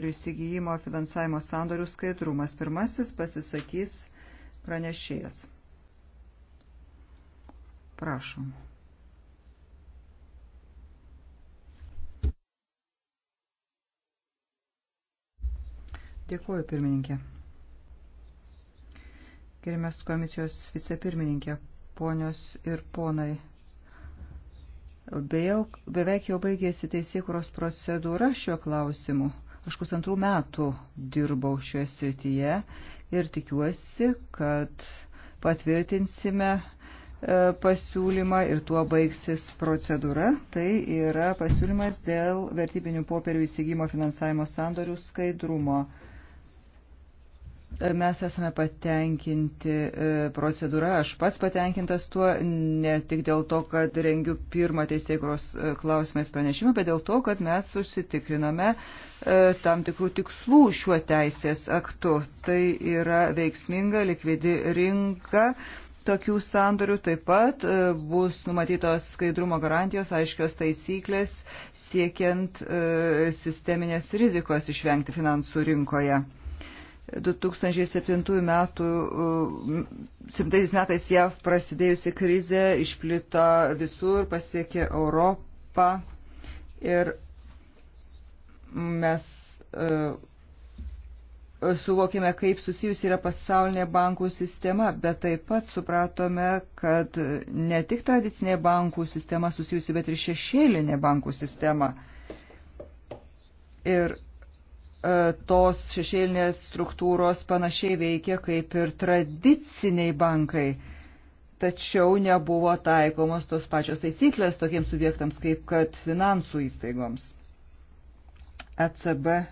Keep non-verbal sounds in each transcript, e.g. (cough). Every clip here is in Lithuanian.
ir įsigijimo finansavimo sandorių skaidrumas. Pirmasis pasisakys pranešėjas. Prašom. Dėkuoju, pirmininkė. Gerimės komisijos vicepirmininkė, ponios ir ponai. Bejau, beveik jau baigėsi teisėkuros procedūra šiuo klausimu. Aš pusantrų metų dirbau šioje srityje ir tikiuosi, kad patvirtinsime e, pasiūlymą ir tuo baigsis procedūra. Tai yra pasiūlymas dėl vertybinių popierių įsigymo finansavimo sandorių skaidrumo. Mes esame patenkinti e, procedūra, aš pats patenkintas tuo, ne tik dėl to, kad rengiu pirmą teisėkros e, klausimais pranešimą, bet dėl to, kad mes užsitikrinome e, tam tikrų tikslų šiuo teisės aktu. Tai yra veiksminga, likvidi rinka. Tokių sandorių taip pat bus numatytos skaidrumo garantijos, aiškios taisyklės, siekiant sisteminės rizikos išvengti finansų rinkoje. 2007 metų, 7 metais JAV prasidėjusi krizė išplito visur, pasiekė Europą ir mes suvokėme, kaip susijusi yra pasaulinė bankų sistema, bet taip pat supratome, kad ne tik tradicinė bankų sistema susijusi, bet ir šešėlinė bankų sistema. Ir E, tos šešėlinės struktūros panašiai veikia kaip ir tradiciniai bankai, tačiau nebuvo taikomos tos pačios taisyklės tokiems subjektams kaip kad finansų įstaigoms. ECB e,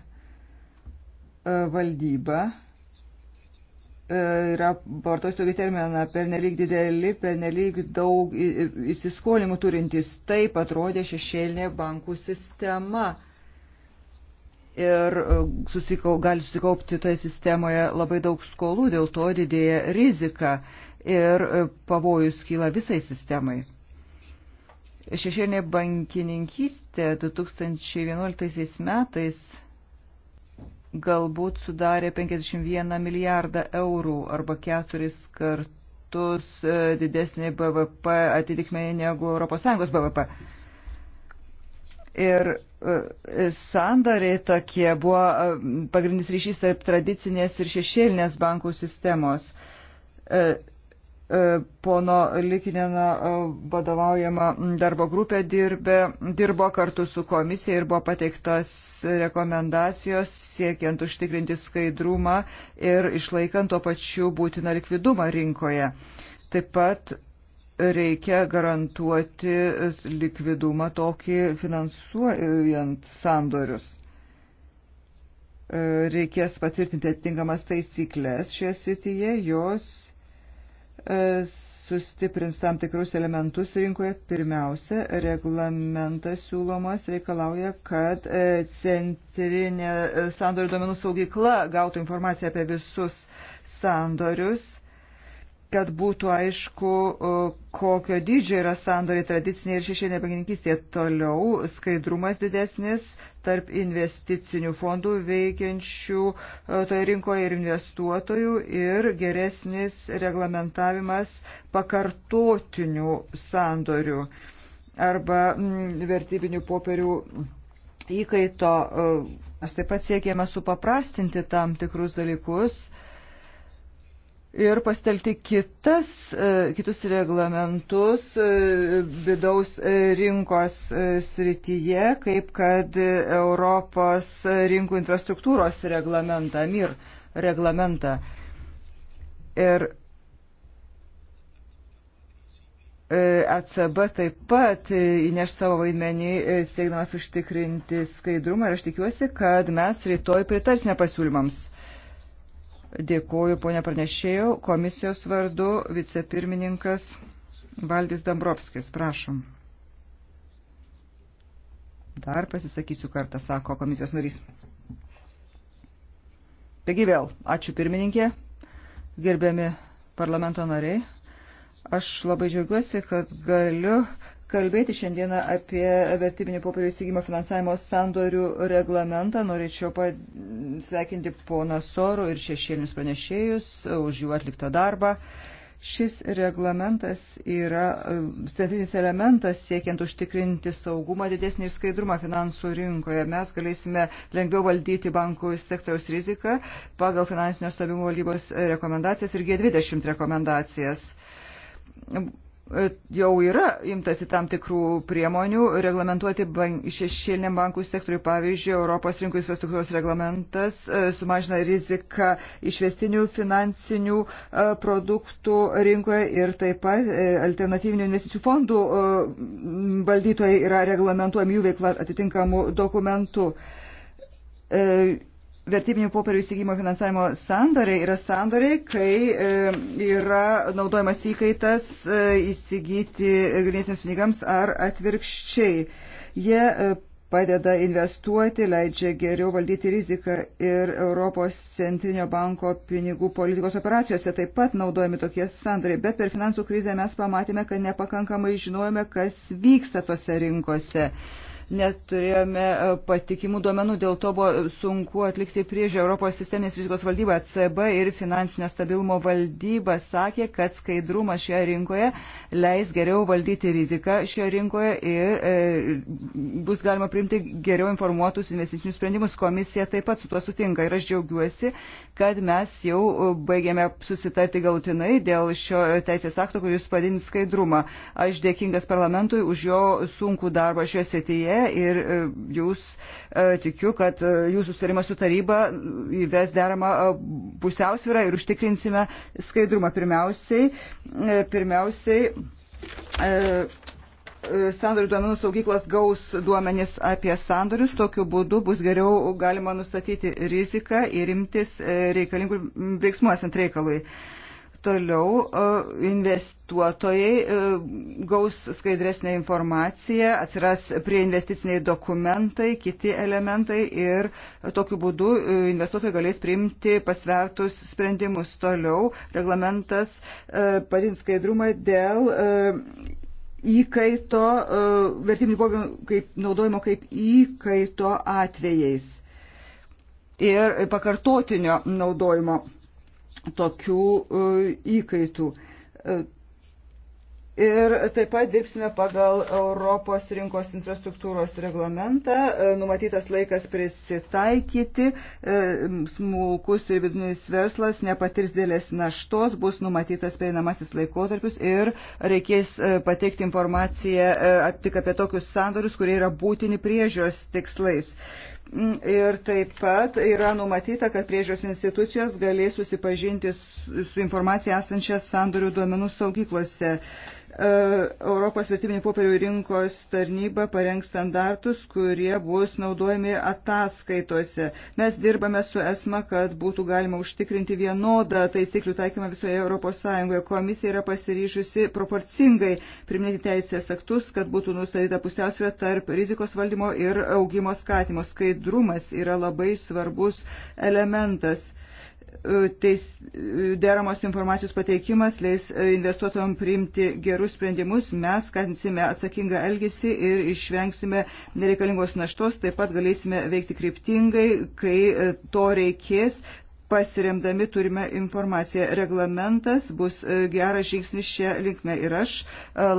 valdyba e, yra, vartosiu tokį terminą, pernelyg dideli, pernelyg daug įsiskolimų turintys. Taip atrodė šešėlinė bankų sistema ir e, susikau, gali susikaupti toje sistemoje labai daug skolų, dėl to didėja rizika ir e, pavojus kyla visai sistemai. Šešėlinė bankininkystė 2011 metais galbūt sudarė 51 milijardą eurų arba keturis kartus e, didesnį BVP atitikmenį negu ES BVP. Ir e, sandariai tokie buvo e, pagrindinis ryšys tarp tradicinės ir šešėlinės bankų sistemos. E, pono Likinino vadovaujama darbo grupė dirbė, dirbo kartu su komisija ir buvo pateiktas rekomendacijos siekiant užtikrinti skaidrumą ir išlaikant tuo pačiu būtiną likvidumą rinkoje. Taip pat reikia garantuoti likvidumą tokį finansuojant sandorius. Reikės patvirtinti atitinkamas taisyklės šioje srityje, jos e, sustiprins tam tikrus elementus rinkoje. Pirmiausia, reglamentas siūlomas reikalauja, kad e, centrinė e, sandorių duomenų saugykla gautų informaciją apie visus sandorius kad būtų aišku, e, kokio dydžio yra sandoriai tradiciniai ir šešėlinė bankininkystė. Toliau skaidrumas didesnis tarp investicinių fondų veikiančių e, toje rinkoje ir investuotojų ir geresnis reglamentavimas pakartotinių sandorių arba m, mm, vertybinių popierių įkaito. E, mes taip pat siekėme supaprastinti tam tikrus dalykus. Uh, ir pastelti kitas, e, kitus reglamentus e, vidaus rinkos e, srityje, kaip kad Europos rinkų infrastruktūros reglamentą, MIR reglamentą. Ir ECB taip pat įneš savo vaidmenį, siekdamas užtikrinti skaidrumą ir aš tikiuosi, kad mes rytoj pritarsime pasiūlymams. Dėkuoju, ponia pranešėjau, komisijos vardu vicepirmininkas Valdis Dambrovskis, prašom. Dar pasisakysiu kartą, sako komisijos narys. Taigi vėl, ačiū pirmininkė, gerbiami parlamento nariai. Aš labai džiaugiuosi, kad galiu kalbėti šiandieną apie vertybinių popierių įsigymą finansavimo sandorių reglamentą. Norėčiau sveikinti poną Sorų ir šešėlinius pranešėjus už jų atliktą darbą. Šis reglamentas yra e, centrinis elementas siekiant užtikrinti saugumą didesnį ir skaidrumą finansų rinkoje. Mes galėsime lengviau valdyti bankų sektoriaus riziką pagal finansinio stabilumo valdybos rekomendacijas ir G20 rekomendacijas E, jau yra imtasi tam tikrų priemonių reglamentuoti bank, šešėliniam bankų sektoriui. Pavyzdžiui, Europos rinkų infrastruktūros reglamentas e, sumažina riziką išvestinių finansinių e, produktų rinkoje ir taip pat alternatyvinių investicijų fondų valdytojai yra reglamentuojami jų veikla atitinkamų dokumentų Vertybinių popierių įsigijimo finansavimo sandoriai yra sandoriai, kai e, yra naudojamas įkaitas e, įsigyti grinėsiams pinigams ar atvirkščiai. Jie e, padeda investuoti, leidžia geriau valdyti riziką ir Europos centrinio banko pinigų politikos operacijose taip pat naudojami tokie sandoriai. Bet per finansų krizę mes pamatėme, kad nepakankamai žinojame, kas vyksta tose rinkose. Uh, neturėjome e, patikimų duomenų, dėl to buvo sunku atlikti priežiūrą. Europos sisteminės rizikos valdyba CB ir finansinio stabilumo valdyba sakė, kad skaidrumas šioje rinkoje leis geriau valdyti riziką šioje rinkoje ir e, bus galima priimti geriau informuotus investicinius sprendimus. Komisija taip pat su tuo sutinka ir aš džiaugiuosi, kad mes jau baigėme susitarti galutinai dėl šio teisės akto, kuris padins skaidrumą. Aš dėkingas parlamentui už jo sunkų darbą šioje srityje narėse ir e, jūs e, tikiu, kad e, jūsų sutarimas su taryba įves deramą pusiausvyrą ir užtikrinsime skaidrumą. Pirmiausiai, pirmiausiai sandorių duomenų saugyklas gaus duomenis apie sandorius, tokiu būdu bus geriau galima nustatyti riziką ir imtis reikalingų veiksmų esant reikalui. E, toliau e, investuotojai e, gaus skaidresnę informaciją, atsiras prie investiciniai dokumentai, kiti elementai ir tokiu būdu e, investuotojai galės priimti pasvertus sprendimus. Toliau reglamentas padins skaidrumą dėl įkaito, vertiminių popierių kaip, naudojimo kaip įkaito atvejais ir pakartotinio naudojimo tokių e, įkaitų. E, ir taip pat dirbsime pagal Europos rinkos infrastruktūros reglamentą. E, numatytas laikas prisitaikyti. Smulkus ir vidutinis verslas nepatirs dėlės naštos, bus numatytas pereinamasis laikotarpis ir reikės pateikti informaciją tik apie tokius sandorius, kurie yra būtini priežios tikslais. Ir taip pat yra numatyta, kad priežios institucijos galės susipažinti su informacija esančia sandorių duomenų saugyklose. E, Europos vertybinių popierių rinkos tarnyba parengs standartus, kurie bus naudojami ataskaitose. Mes dirbame su ESMA, kad būtų galima užtikrinti vienodą taisyklių taikymą visoje Europos Sąjungoje. Komisija yra pasiryžusi proporcingai priminėti teisės aktus, kad būtų nustatyta pusiausvė tarp rizikos valdymo ir augimo skatimo. Skaidrumas yra labai svarbus elementas E, teis, e, deramos informacijos pateikimas leis e, investuotojams priimti gerus sprendimus, mes skatinsime atsakingą elgesį ir išvengsime nereikalingos naštos, taip pat galėsime veikti kryptingai, kai to reikės. Pasiremdami turime informaciją. Reglamentas bus geras žingsnis šią linkmę ir aš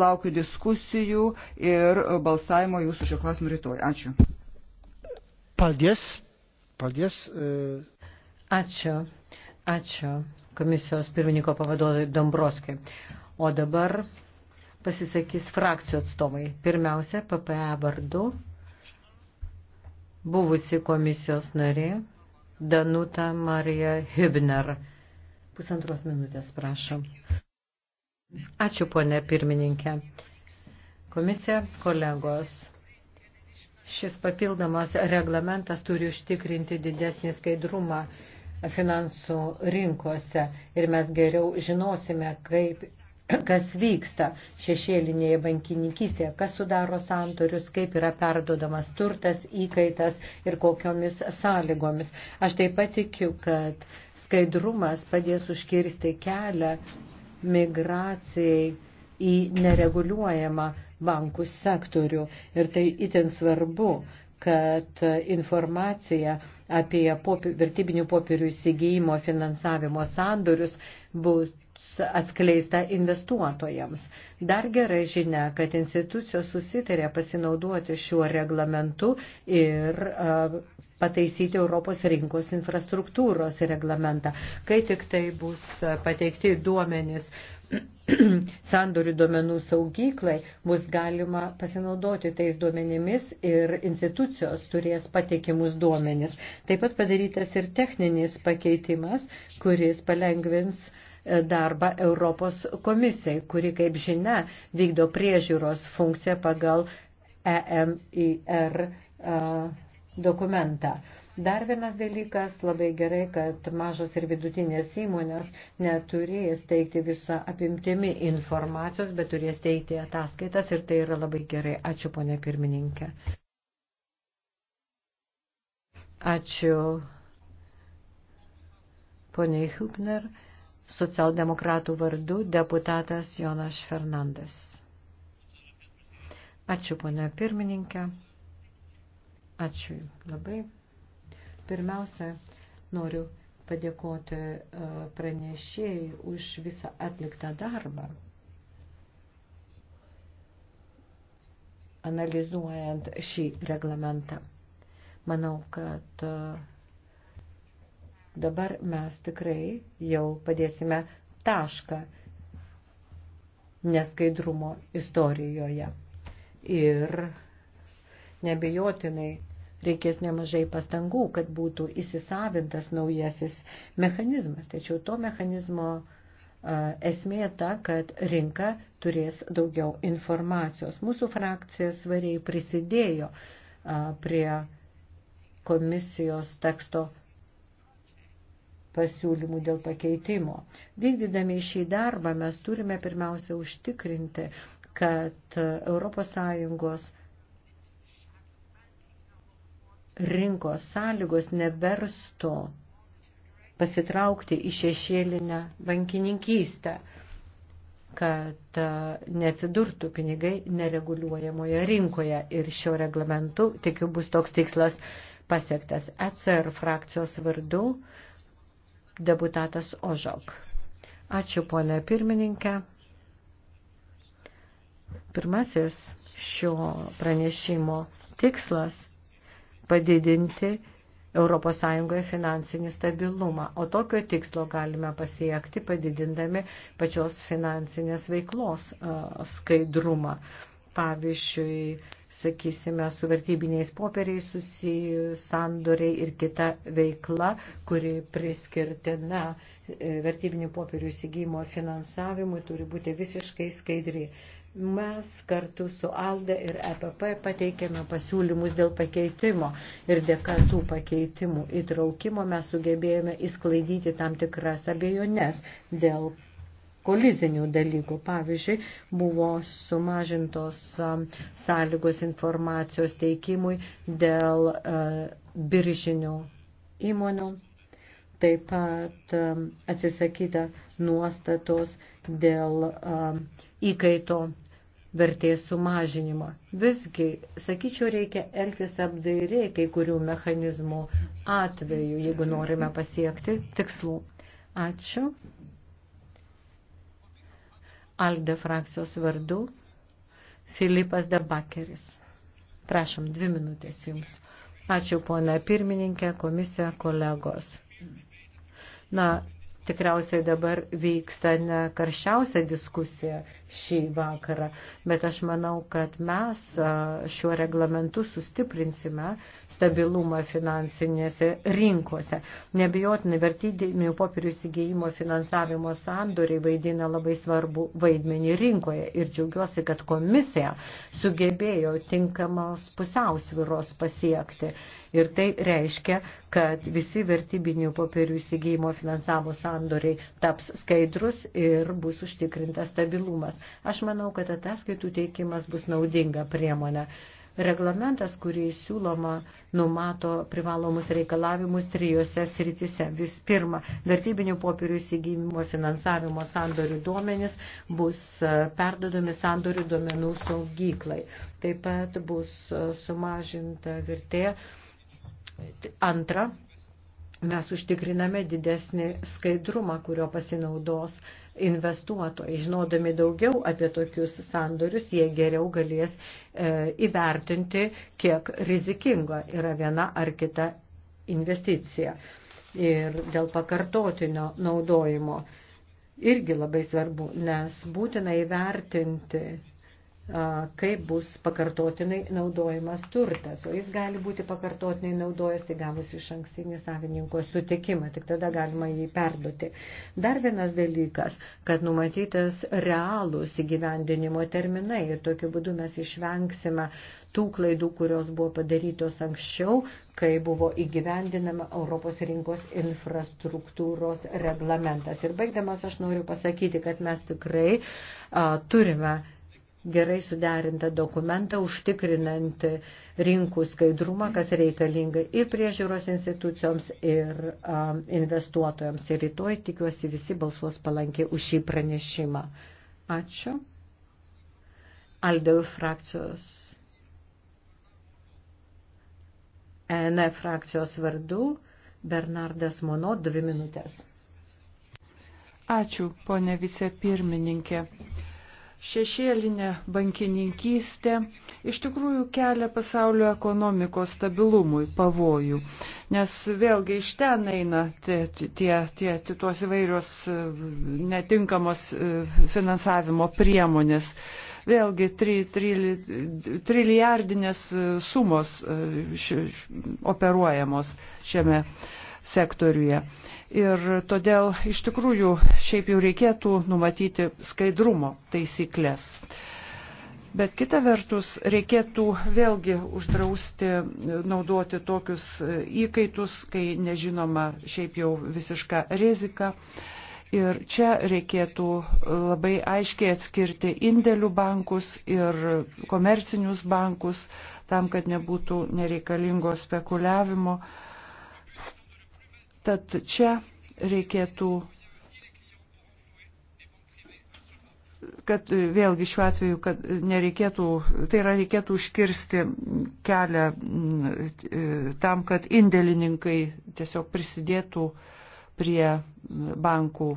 laukiu diskusijų ir balsavimo jūsų šio klausimu rytoj. Ačiū. Paldies. Paldies. E... Ačiū. Ačiū komisijos pirmininko pavaduotojai Dombrovskiai. O dabar pasisakys frakcijų atstovai. Pirmiausia, PPE vardu buvusi komisijos narė Danuta Marija Hübner. Pusantros minutės, prašom. Ačiū, ponė pirmininkė. Komisija, kolegos. Šis papildomas reglamentas turi užtikrinti didesnį skaidrumą finansų rinkose ir mes geriau žinosime, kaip, kas vyksta šešėlinėje bankininkystėje, kas sudaro santorius, kaip yra perdodamas turtas, įkaitas ir kokiomis sąlygomis. Aš taip pat tikiu, kad skaidrumas padės užkirsti kelią migracijai į nereguliuojamą bankų sektorių. Ir tai itin svarbu, kad informacija apie popi, vertybinių popierių įsigijimo finansavimo sandorius bus atskleista investuotojams. Dar gerai žinia, kad institucijos susitarė pasinaudoti šiuo reglamentu ir uh, pataisyti Europos rinkos infrastruktūros reglamentą. Kai tik tai bus pateikti duomenys (clears throat) sandorių duomenų saugyklai bus galima pasinaudoti tais duomenimis ir institucijos turės pateikimus duomenis. Taip pat padarytas ir techninis pakeitimas, kuris palengvins e, darbą Europos komisijai, kuri, kaip žinia, vykdo priežiūros funkciją pagal EMIR e, dokumentą. Dar vienas dalykas, labai gerai, kad mažos ir vidutinės įmonės neturės teikti visą apimtimi informacijos, bet turės teikti ataskaitas ir tai yra labai gerai. Ačiū, ponė pirmininkė. Ačiū, ponė Hübner, socialdemokratų vardu deputatas Jonas Fernandes. Ačiū, ponė pirmininkė. Ačiū labai. Pirmiausia, noriu padėkoti e, pranešėjai už visą atliktą darbą. Analizuojant šį reglamentą. Manau, kad e, dabar mes tikrai jau padėsime tašką neskaidrumo istorijoje. Ir nebejotinai reikės nemažai pastangų, kad būtų įsisavintas naujasis mechanizmas. Tačiau to mechanizmo esmė ta, kad rinka turės daugiau informacijos. Mūsų frakcija svariai prisidėjo prie komisijos teksto pasiūlymų dėl pakeitimo. Vykdydami šį darbą mes turime pirmiausia užtikrinti, kad ES rinkos sąlygos neverstų pasitraukti į šešėlinę bankininkystę, kad e, neatsidurtų pinigai nereguliuojamoje rinkoje. Ir šio reglamentu, tikiu, bus toks tikslas pasiektas. ECR frakcijos vardu deputatas Ožok. Ačiū, ponė pirmininkė. Pirmasis šio pranešimo tikslas – padidinti ES finansinį stabilumą, o tokio tikslo galime pasiekti padidindami pačios finansinės veiklos skaidrumą. Pavyzdžiui, sakysime, su vertybiniais popieriais susijus sandoriai ir kita veikla, kuri priskirtina e, vertybinių popierių įsigymo finansavimui, turi būti visiškai skaidri mes kartu su ALDE ir EPP pateikėme pasiūlymus dėl pakeitimo ir dėka tų pakeitimų įtraukimo mes sugebėjome įsklaidyti tam tikras abejones dėl kolizinių dalykų. Pavyzdžiui, buvo sumažintos sąlygos informacijos teikimui dėl biržinių įmonių. Taip pat atsisakyta nuostatos dėl įkaito vertės sumažinimo. Visgi, sakyčiau, reikia elgtis apdairiai kai kurių mechanizmų atveju, jeigu norime pasiekti tikslų. Ačiū. Alde frakcijos vardu Filipas Debakeris. Prašom, dvi minutės jums. Ačiū, ponia pirmininkė, komisija, kolegos. Na, tikriausiai dabar vyksta ne karščiausia diskusija šį vakarą, bet aš manau, kad mes šiuo reglamentu sustiprinsime stabilumą finansinėse rinkose. Nebijotinai vertybinių popierių įsigijimo finansavimo sandoriai vaidina labai svarbu vaidmenį rinkoje ir džiaugiuosi, kad komisija sugebėjo tinkamos pusiausviros pasiekti. Ir tai reiškia, kad visi vertybinių popierių įsigijimo finansavimo sandoriai taps skaidrus ir bus užtikrintas stabilumas. Aš manau, kad ataskaitų teikimas bus naudinga priemonė. Reglamentas, kurį siūloma, numato privalomus reikalavimus trijose sritise. Vis pirma, vertybinių popierių įsigijimo finansavimo sandorių duomenys bus perdodami sandorių duomenų saugyklai. Taip pat bus sumažinta vertė Antra, mes užtikriname didesnį skaidrumą, kurio pasinaudos investuotojai. Žinodami daugiau apie tokius sandorius, jie geriau galės e, įvertinti, kiek rizikinga yra viena ar kita investicija. Ir dėl pakartotinio naudojimo irgi labai svarbu, nes būtina įvertinti kaip bus pakartotinai naudojimas turtas, o jis gali būti pakartotinai naudojas, tai gavus iš ankstinį savininko sutikimą, tik tada galima jį perduoti. Dar vienas dalykas, kad numatytas realūs įgyvendinimo terminai ir tokiu būdu mes išvengsime tų klaidų, kurios buvo padarytos anksčiau, kai buvo įgyvendinama Europos rinkos infrastruktūros reglamentas. Ir baigdamas aš noriu pasakyti, kad mes tikrai a, turime gerai suderintą dokumentą, užtikrinant rinkų skaidrumą, kas reikalinga ir priežiūros institucijoms, ir um, investuotojams. Ir rytoj tikiuosi visi balsuos palankiai už šį pranešimą. Ačiū. Aldeu frakcijos. ENF frakcijos vardu Bernardas Mono, dvi minutės. Ačiū, ponė vicepirmininkė šešėlinė bankininkystė iš tikrųjų kelia pasaulio ekonomikos stabilumui pavojų, nes vėlgi iš ten eina tie, tie, tie, tie tuos įvairios e, netinkamos e, finansavimo priemonės. Vėlgi tri, tri, trilijardinės sumos e, š, operuojamos šiame sektoriuje. Ir todėl iš tikrųjų šiaip jau reikėtų numatyti skaidrumo taisyklės. Bet kita vertus, reikėtų vėlgi uždrausti naudoti tokius įkaitus, kai nežinoma šiaip jau visiška rizika. Ir čia reikėtų labai aiškiai atskirti indėlių bankus ir komercinius bankus, tam, kad nebūtų nereikalingo spekuliavimo. Uh, Tad čia reikėtų kad vėlgi šiuo atveju, kad nereikėtų, tai yra reikėtų užkirsti kelią mm, tam, kad indėlininkai tiesiog prisidėtų prie bankų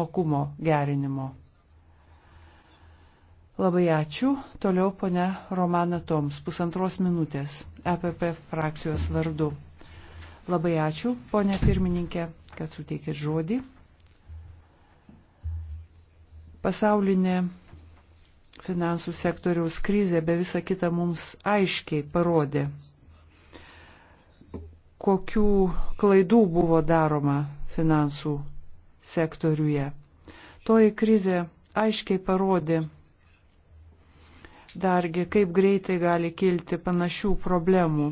mokumo gerinimo. Labai ačiū. Toliau ponia Romana Toms, pusantros minutės, EPP frakcijos vardu. Labai ačiū, ponė pirmininkė, kad suteikėt žodį. Pasaulinė finansų sektoriaus krizė be visą kitą mums aiškiai parodė, kokių klaidų buvo daroma finansų sektoriuje. Toji krizė aiškiai parodė, dargi, kaip greitai gali kilti panašių problemų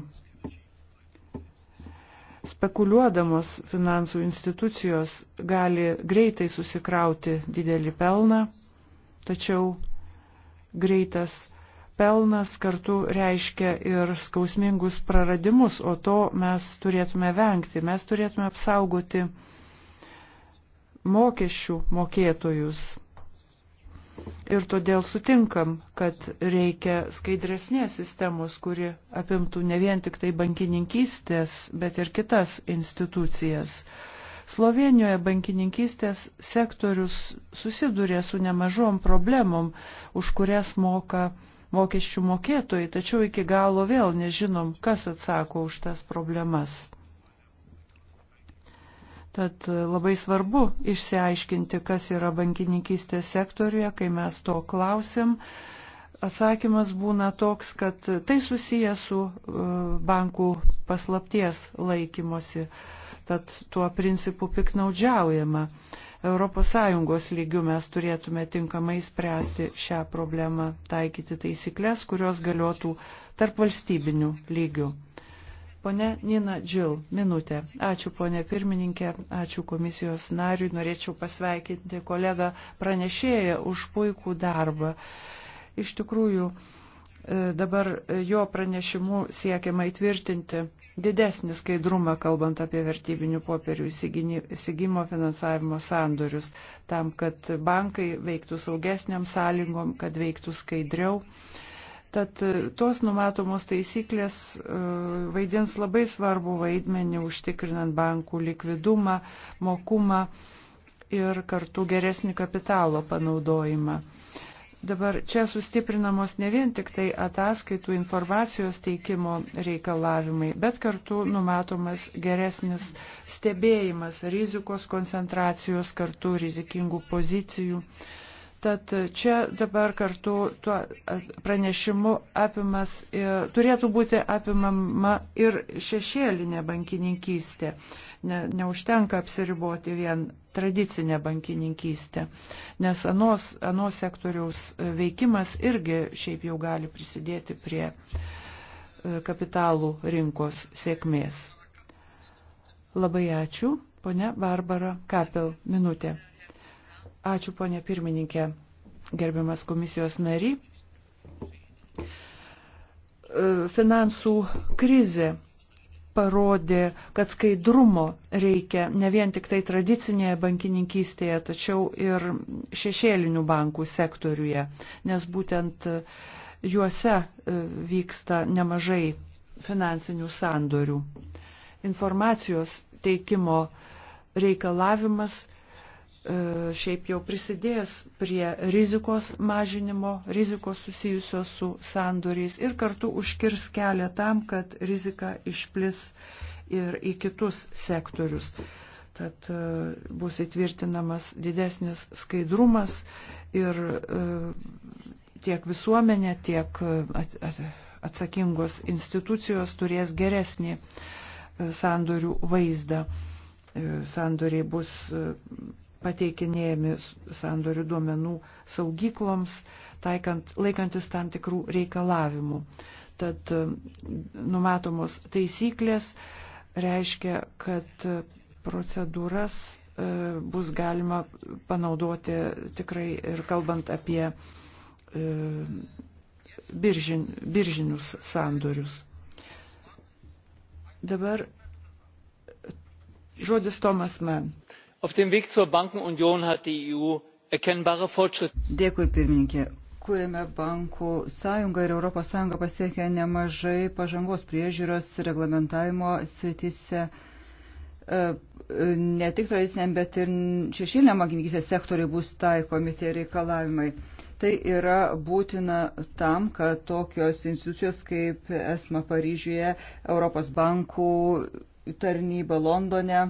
spekuliuodamos finansų institucijos gali greitai susikrauti didelį pelną, tačiau greitas pelnas kartu reiškia ir skausmingus praradimus, o to mes turėtume vengti, mes turėtume apsaugoti mokesčių mokėtojus Ir todėl sutinkam, kad reikia skaidresnės sistemos, kuri apimtų ne vien tik tai bankininkystės, bet ir kitas institucijas. Slovenijoje bankininkystės sektorius susidurė su nemažom problemom, už kurias moka mokesčių mokėtojai, tačiau iki galo vėl nežinom, kas atsako už tas problemas. Tad labai svarbu išsiaiškinti, kas yra bankininkystės sektoriuje, kai mes to klausim. Atsakymas būna toks, kad tai susiję su e, bankų paslapties laikymosi, tad tuo principu piknaudžiaujama. ES lygių mes turėtume tinkamai spręsti šią problemą, taikyti taisyklės, kurios galiotų tarp valstybinių lygių. Pone Nina Džil, minutė. Ačiū, ponė pirmininkė, ačiū komisijos nariui, norėčiau pasveikinti kolegą pranešėją už puikų darbą. Iš tikrųjų, e, dabar jo pranešimu siekiama įtvirtinti didesnį skaidrumą, kalbant apie vertybinių popierių įsigimo finansavimo sandorius, tam, kad bankai veiktų saugesniam sąlygom, kad veiktų skaidriau. Tad e, tos numatomos taisyklės e, vaidins labai svarbu vaidmenį užtikrinant bankų likvidumą, mokumą ir kartu geresnį kapitalo panaudojimą. Dabar čia sustiprinamos ne vien tik tai ataskaitų informacijos teikimo reikalavimai, bet kartu numatomas geresnis stebėjimas rizikos koncentracijos, kartu rizikingų pozicijų Tad čia dabar kartu tuo pranešimu apimas, e, turėtų būti apimama ir šešėlinė bankininkystė. Ne, neužtenka apsiriboti vien tradicinę bankininkystę, nes anos, anos sektoriaus veikimas irgi šiaip jau gali prisidėti prie e, kapitalų rinkos sėkmės. Labai ačiū, ponia Barbara Kapel, minutė. Ačiū, ponė pirmininkė, gerbiamas komisijos nary. E, finansų krizė parodė, kad skaidrumo reikia ne vien tik tai tradicinėje bankininkystėje, tačiau ir šešėlinių bankų sektoriuje, nes būtent juose e, vyksta nemažai finansinių sandorių. Informacijos teikimo reikalavimas E, šiaip jau prisidės prie rizikos mažinimo, rizikos susijusios su sandoriais ir kartu užkirs kelią tam, kad rizika išplis ir į kitus sektorius. Tad e, bus įtvirtinamas didesnis skaidrumas ir e, tiek visuomenė, tiek atsakingos institucijos turės geresnį sandorių vaizdą. Sandoriai bus pateikinėjami sandorių duomenų saugykloms, taikant, laikantis tam tikrų reikalavimų. Tad e, numatomos taisyklės reiškia, kad e, procedūras e, bus galima panaudoti tikrai ir kalbant apie biržin, biržinius sandorius. Dabar žodis Tomas Man auf dem weg zur bankenunion hat die eu erkennbare fortschritte. dėkui pirmininke kuriame bankų sąjungą ir europos sąjunga pasiekė nemažai pažangos priežiūros reglamentavimo srityse e, ne tik tradiciniam, bet ir šešėliniam bankininkysės sektoriui bus taikomi tie reikalavimai. Tai yra būtina tam, kad tokios institucijos kaip ESMA Paryžiuje, Europos bankų tarnyba Londone,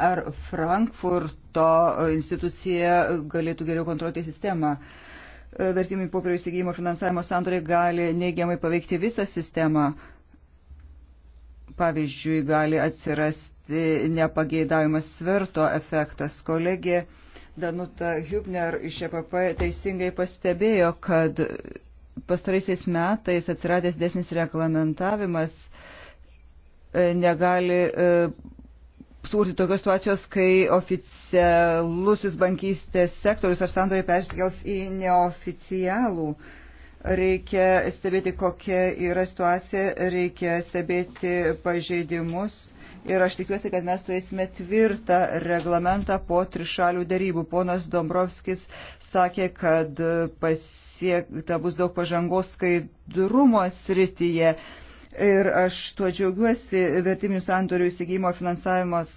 ar Frankfurto institucija galėtų geriau kontroliuoti sistemą. Vertimų popierių įsigijimo finansavimo sandoriai gali neigiamai paveikti visą sistemą. Pavyzdžiui, gali atsirasti nepageidaujamas sverto efektas. Kolegė Danuta Hübner iš EPP teisingai pastebėjo, kad pastaraisiais metais atsiradęs desnis reglamentavimas e, negali e, sukurti tokios situacijos, kai oficialusis bankystės sektorius ar sandoriai persikels į neoficialų. Reikia stebėti, kokia yra situacija, reikia stebėti pažeidimus ir aš tikiuosi, kad mes turėsime tvirtą reglamentą po trišalių darybų. Ponas Dombrovskis sakė, kad pasiekta bus daug pažangos skaidrumo srityje. Ir aš tuo džiaugiuosi vertiminių sandorių įsigymo finansavimas.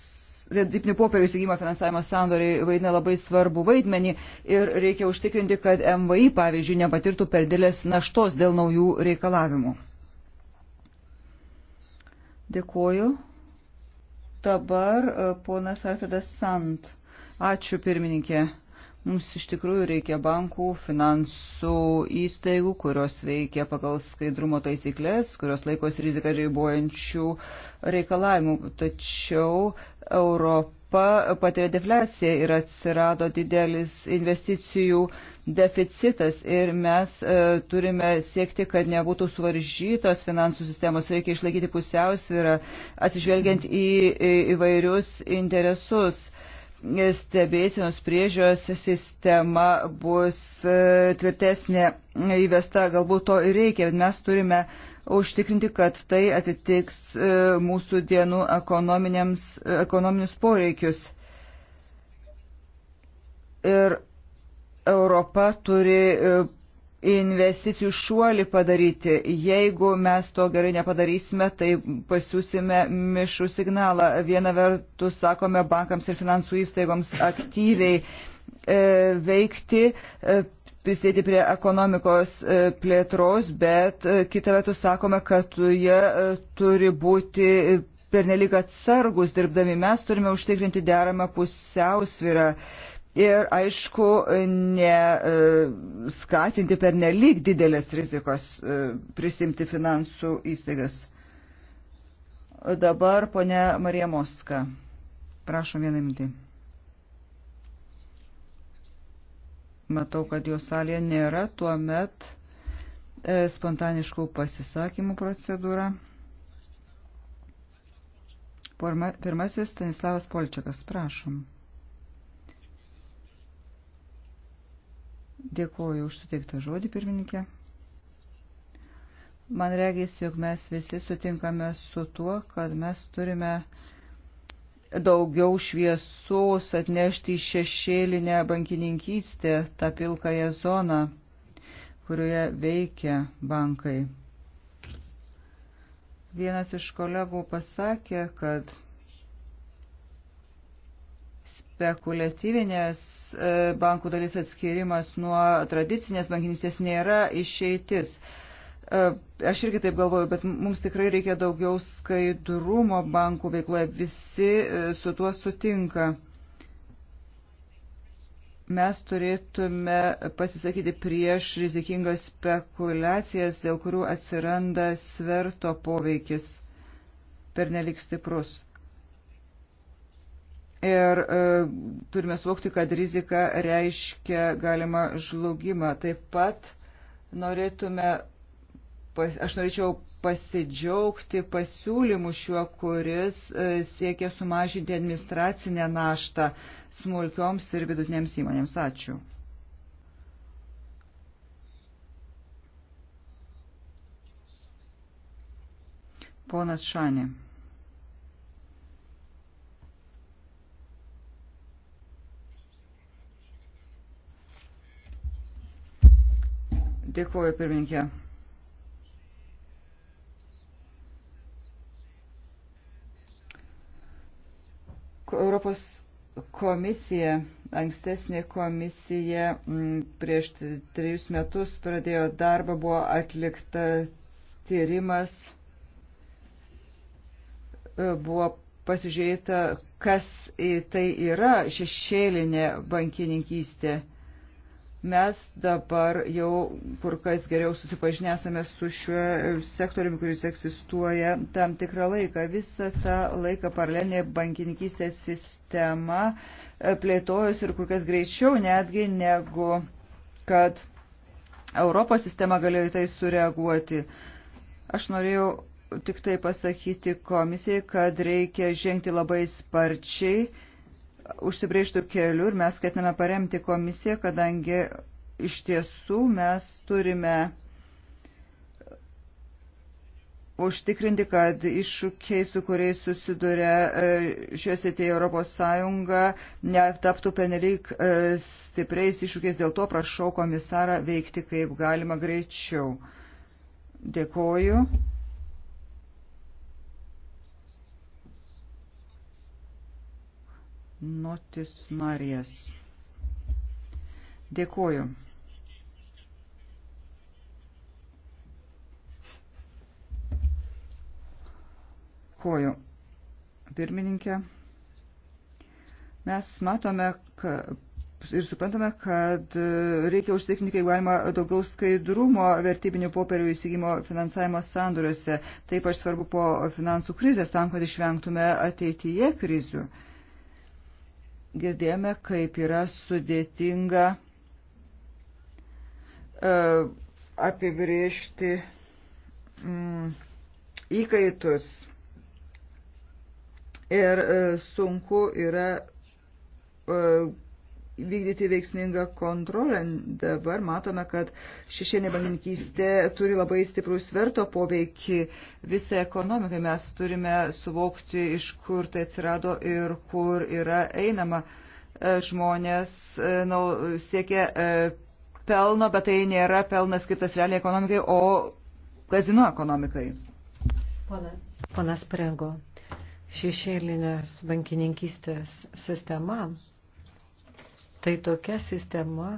Vertybinių popierių įsigymo finansavimo sandoriai vaidina labai svarbu vaidmenį ir reikia užtikrinti, kad MVI, pavyzdžiui, nepatirtų per dėlės naštos dėl naujų reikalavimų. Dėkuoju. Dabar e, ponas Alfredas Sant. Ačiū pirmininkė. Mums iš tikrųjų reikia bankų, finansų įstaigų, kurios veikia pagal skaidrumo taisyklės, kurios laikosi riziką ribojančių reikalavimų. Tačiau Europa patiria defliaciją ir atsirado didelis investicijų deficitas ir mes e, turime siekti, kad nebūtų suvaržytos finansų sistemos. Reikia išlaikyti pusiausvyrą, atsižvelgiant į, į įvairius interesus. E, stebėsinos priežios sistema bus e, tvirtesnė įvesta, galbūt to ir reikia, bet mes turime užtikrinti, kad tai atitiks e, mūsų dienų e, ekonominius poreikius. Ir Europa turi investicijų šuolį padaryti. Jeigu mes to gerai nepadarysime, tai pasiūsime mišų signalą. Viena vertus sakome bankams ir finansų įstaigoms aktyviai e, veikti, e, prisidėti prie ekonomikos e, plėtros, bet e, kitą vertus sakome, kad jie e, turi būti pernelyg atsargus dirbdami. Mes turime užtikrinti deramą pusiausvyrą. E, ir, aišku, neskatinti e, per nelik didelės rizikos e, prisimti finansų įstaigas. Dabar ponia Marija Moska. Prašom vieną mintį. Matau, kad jo salėje nėra, tuomet e, spontaniškų pasisakymų procedūra. Pirmasis Stanislavas Polčiakas, prašom. Dėkuoju už suteiktą žodį, pirmininkė. Man regis, jog mes visi sutinkame su tuo, kad mes turime daugiau šviesos atnešti į šešėlinę bankininkystę, tą pilkąją zoną, kurioje veikia bankai. Vienas iš kolegų pasakė, kad spekuliatyvinės e, bankų dalis atskirimas nuo tradicinės bankininkystės nėra išeitis. E, aš irgi taip galvoju, bet mums tikrai reikia daugiau skaidrumo bankų veikloje. Visi e, su tuo sutinka. Mes turėtume pasisakyti prieš rizikingas spekulacijas, dėl kurių atsiranda sverto poveikis per nelik stiprus Ir e, turime suvokti, kad rizika reiškia galima žlugimą. Taip pat norėtume, pas, aš norėčiau pasidžiaugti pasiūlymu šiuo, kuris e, siekia sumažinti administracinę naštą smulkioms ir vidutinėms įmonėms. Ačiū. Ponas Šanė. Dėkuoju, pirmininkė. Europos komisija, ankstesnė komisija mm, prieš trejus metus pradėjo darbą, buvo atlikta tyrimas, e, buvo pasižiūrėta, kas tai yra šešėlinė bankininkystė. Mes dabar jau kur kas geriau susipažinę esame su šiuo sektoriumi, kuris egzistuoja tam tikrą laiką. Visą tą laiką paralelinė bankininkystės sistema e, plėtojus ir kur kas greičiau netgi negu kad Europos sistema galėjo į tai sureaguoti. Aš norėjau tik tai pasakyti komisijai, kad reikia žengti labai sparčiai užsibrėžtų kelių ir mes ketiname paremti komisiją, kadangi iš tiesų mes turime užtikrinti, kad iššūkiai, su kuriais susiduria e, šios atėję Europos Sąjunga, netaptų penelyg e, stipriais iššūkiais. Dėl to prašau komisarą veikti kaip galima greičiau. Dėkoju. Notis Marijas. Dėkuoju. Koju. Pirmininkė. Mes matome, kad ir suprantame, kad reikia užtikrinti, kaip galima, daugiau skaidrumo vertybinių popierių įsigymo finansavimo sandoriuose. Taip aš svarbu po finansų krizės, tam, kad išvengtume ateityje krizių girdėjome, kaip yra sudėtinga uh, apibriežti um, įkaitus ir uh, sunku yra uh, vykdyti veiksmingą kontrolę. Dabar matome, kad šešėlė bankininkystė turi labai stiprų sverto poveikį visą ekonomiką. Mes turime suvokti, iš kur tai atsirado ir kur yra einama. E, žmonės e, na, siekia e, pelno, bet tai nėra pelnas skirtas realiai ekonomikai, o kazino ekonomikai. Ponas, Ponas Prego, šešėlinės bankininkystės sistema Tai tokia sistema,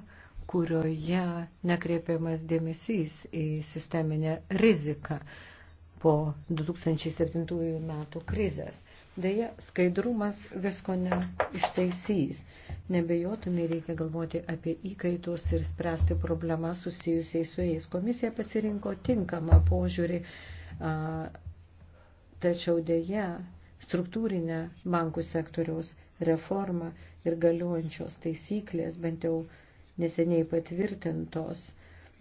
kurioje nekreipiamas dėmesys į sisteminę riziką po 2007 metų krizės. Deja, skaidrumas visko neištaisys. Nebejotinai reikia galvoti apie įkaitus ir spręsti problemas susijusiai su jais. Komisija pasirinko tinkamą požiūrį, a, tačiau deja, struktūrinę bankų sektoriaus reforma ir galiojančios taisyklės, bent jau neseniai patvirtintos,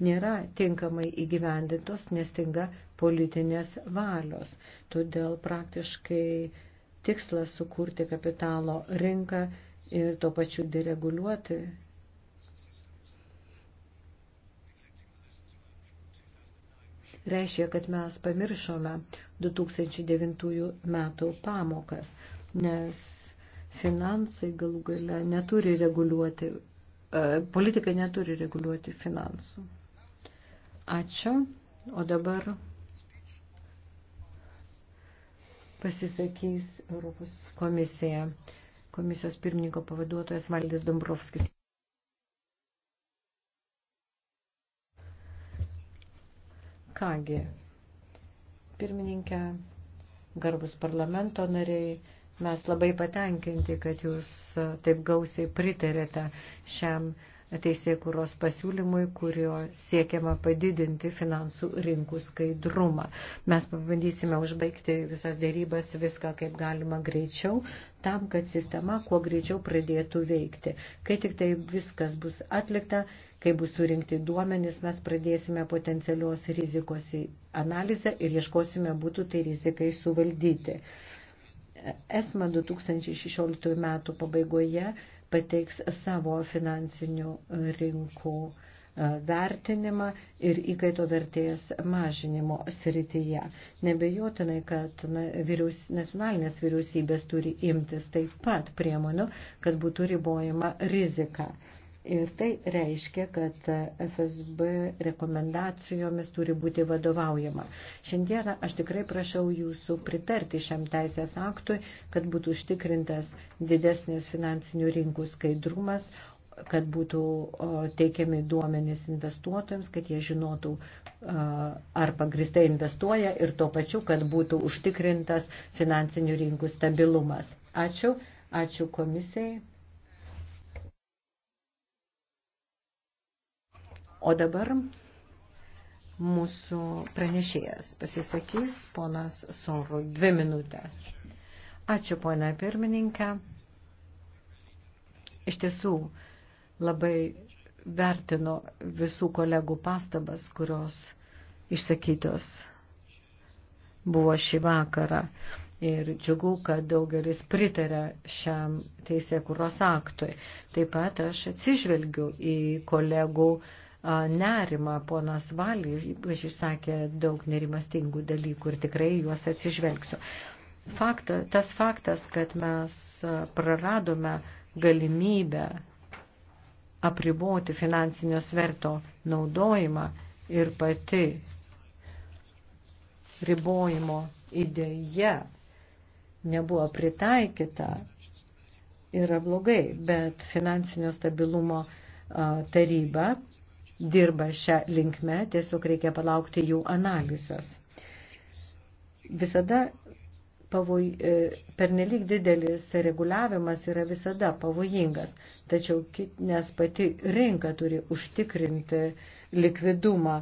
nėra tinkamai įgyvendintos, nestinga politinės valios. Todėl praktiškai tikslas sukurti kapitalo rinką ir tuo pačiu dereguliuoti reiškia, kad mes pamiršome 2009 metų pamokas, nes Finansai galų gale neturi reguliuoti, e, politikai neturi reguliuoti finansų. Ačiū. O dabar pasisakys Europos komisija. Komisijos pirmininko pavaduotojas Valdis Dombrovskis. Kągi, pirmininkė, garbus parlamento nariai, Mes labai patenkinti, kad jūs e, taip gausiai pritarėte šiam teisėkūros pasiūlymui, kurio siekiama padidinti finansų rinkų skaidrumą. Mes pabandysime užbaigti visas dėrybas viską kaip galima greičiau, tam, kad sistema kuo greičiau pradėtų veikti. Kai tik tai viskas bus atlikta, kai bus surinkti duomenys, mes pradėsime potencialios rizikos analizę ir ieškosime būtų tai rizikai suvaldyti. ESMA 2016 metų pabaigoje pateiks savo finansinių rinkų e, vertinimą ir įkaito vertės mažinimo srityje. Nebejotinai, kad vyriaus, nacionalinės vyriausybės turi imtis taip pat priemonių, kad būtų ribojama rizika. Ir tai reiškia, kad FSB rekomendacijomis turi būti vadovaujama. Šiandieną aš tikrai prašau jūsų pritarti šiam teisės aktui, kad būtų užtikrintas didesnis finansinių rinkų skaidrumas, kad būtų teikiami duomenys investuotojams, kad jie žinotų, ar pagristai investuoja ir tuo pačiu, kad būtų užtikrintas finansinių rinkų stabilumas. Ačiū, ačiū komisijai. O dabar mūsų pranešėjas pasisakys ponas Sovo dvi minutės. Ačiū, ponia pirmininkė. Iš tiesų, labai vertino visų kolegų pastabas, kurios išsakytos buvo šį vakarą. Ir džiugu, kad daugelis pritarė šiam teisėkuros aktui. Taip pat aš atsižvelgiu į kolegų uh, nerimą. Ponas Valį, aš išsakė daug nerimastingų dalykų ir tikrai juos atsižvelgsiu. Fakta, tas faktas, kad mes praradome galimybę apriboti finansinio sverto naudojimą ir pati ribojimo idėja nebuvo pritaikyta, yra blogai, bet finansinio stabilumo taryba dirba šią linkme, tiesiog reikia palaukti jų analizos. Visada pavoj, e, pernelyg didelis reguliavimas yra visada pavojingas, tačiau nes pati rinka turi užtikrinti likvidumą.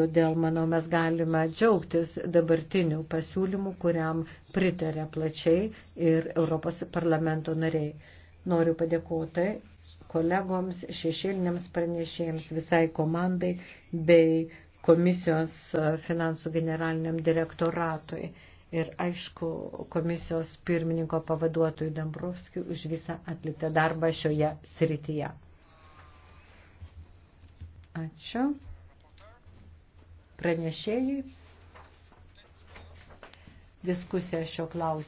Todėl, manau, mes galime džiaugtis dabartiniu pasiūlymu, kuriam pritarė plačiai ir Europos parlamento nariai. Noriu padėkoti kolegoms, šešėliniams pranešėjams, visai komandai bei komisijos e, finansų generaliniam direktoratui ir aišku komisijos pirmininko pavaduotojui Dambrovskiu už visą atliktą darbą šioje srityje. Ačiū. Pranešėjai. Diskusija šio klausimo.